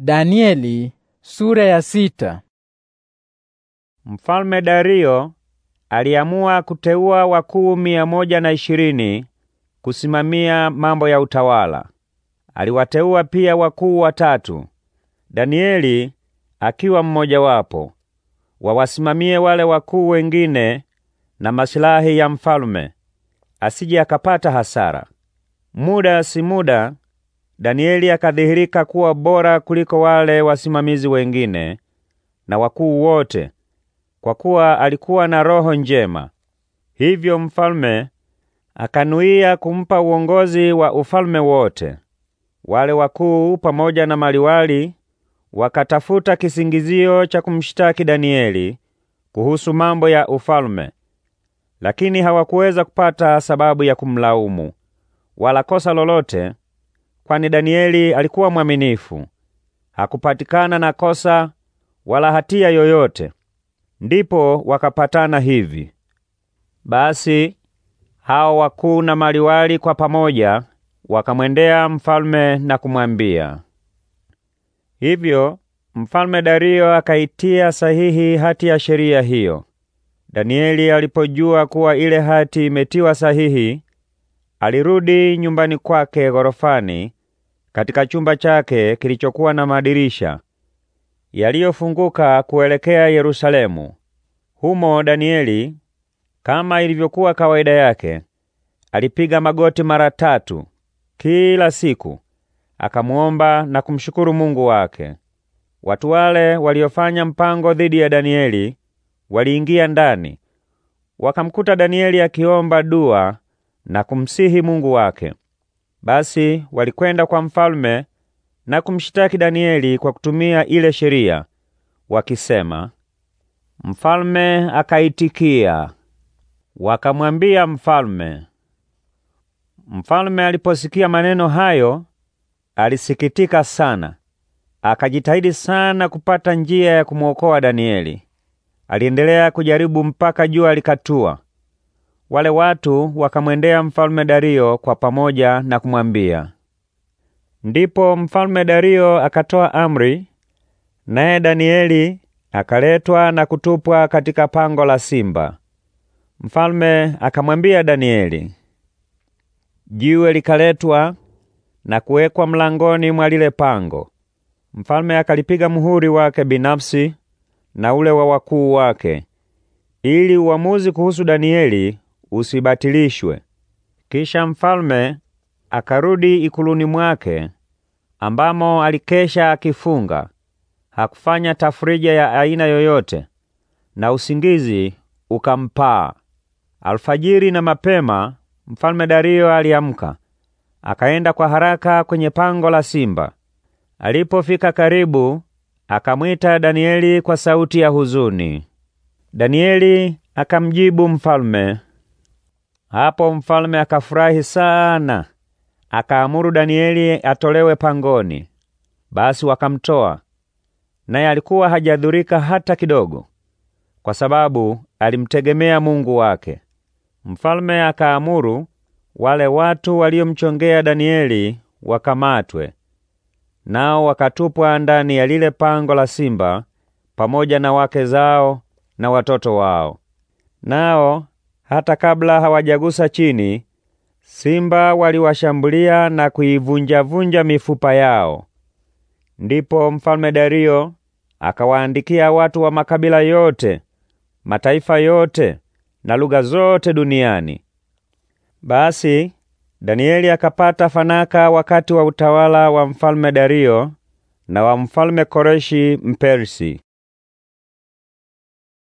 Danieli sura ya sita. Mfalme Dario aliamua kuteua wakuu mia moja na ishirini kusimamia mambo ya utawala. Aliwateua pia wakuu watatu, Danieli akiwa mmoja wapo, wawasimamie wale wakuu wengine na masilahi ya mfalme, asije akapata hasara. Muda si muda Danieli akadhihirika kuwa bora kuliko wale wasimamizi wengine na wakuu wote, kwa kuwa alikuwa na roho njema. Hivyo mfalme akanuia kumpa uongozi wa ufalme wote. Wale wakuu pamoja na maliwali wakatafuta kisingizio cha kumshtaki Danieli kuhusu mambo ya ufalme, lakini hawakuweza kupata sababu ya kumlaumu wala kosa lolote, kwani Danieli alikuwa mwaminifu. Hakupatikana na kosa wala hatia yoyote. Ndipo wakapatana hivi: basi hao wakuu na maliwali kwa pamoja wakamwendea mfalme na kumwambia hivyo. Mfalme Dario akaitia sahihi hati ya sheria hiyo. Danieli alipojua kuwa ile hati imetiwa sahihi, alirudi nyumbani kwake ghorofani katika chumba chake kilichokuwa na madirisha yaliyofunguka kuelekea Yerusalemu. Humo Danieli, kama ilivyokuwa kawaida yake, alipiga magoti mara tatu kila siku, akamuomba na kumshukuru Mungu wake. Watu wale waliofanya mpango dhidi ya Danieli waliingia ndani, wakamkuta Danieli akiomba dua na kumsihi Mungu wake. Basi walikwenda kwa mfalme na kumshitaki Danieli kwa kutumia ile sheria wakisema, mfalme akaitikia. Wakamwambia mfalme. Mfalme aliposikia maneno hayo alisikitika sana, akajitahidi sana kupata njia ya kumwokoa Danieli. Aliendelea kujaribu mpaka jua likatua, wale watu wakamwendea mfalme Dario kwa pamoja na kumwambia. Ndipo mfalme Dario akatoa amri, naye Danieli akaletwa na kutupwa katika pango la simba. Mfalme akamwambia Danieli, jiwe likaletwa na kuwekwa mlangoni mwa lile pango. Mfalme akalipiga muhuri wake binafsi na ule wa wakuu wake, ili uamuzi kuhusu Danieli usibatilishwe. Kisha mfalme akarudi ikuluni mwake ambamo alikesha akifunga, hakufanya tafrija ya aina yoyote, na usingizi ukampaa. Alfajiri na mapema mfalme Dario aliamka, akaenda kwa haraka kwenye pango la simba. Alipofika karibu, akamwita Danieli kwa sauti ya huzuni. Danieli akamjibu mfalme, hapo mfalme akafurahi sana, akaamuru Danieli atolewe pangoni. Basi wakamtoa, naye alikuwa hajadhurika hata kidogo, kwa sababu alimtegemea Mungu wake. Mfalme akaamuru wale watu waliomchongea Danieli wakamatwe, nao wakatupwa ndani ya lile pango la simba pamoja na wake zao na watoto wao, nao hata kabla hawajagusa chini, simba waliwashambulia na kuivunjavunja mifupa yao. Ndipo mfalme Dario akawaandikia watu wa makabila yote, mataifa yote na lugha zote duniani. Basi Danieli akapata fanaka wakati wa utawala wa mfalme Dario na wa mfalme Koreshi Mpersi.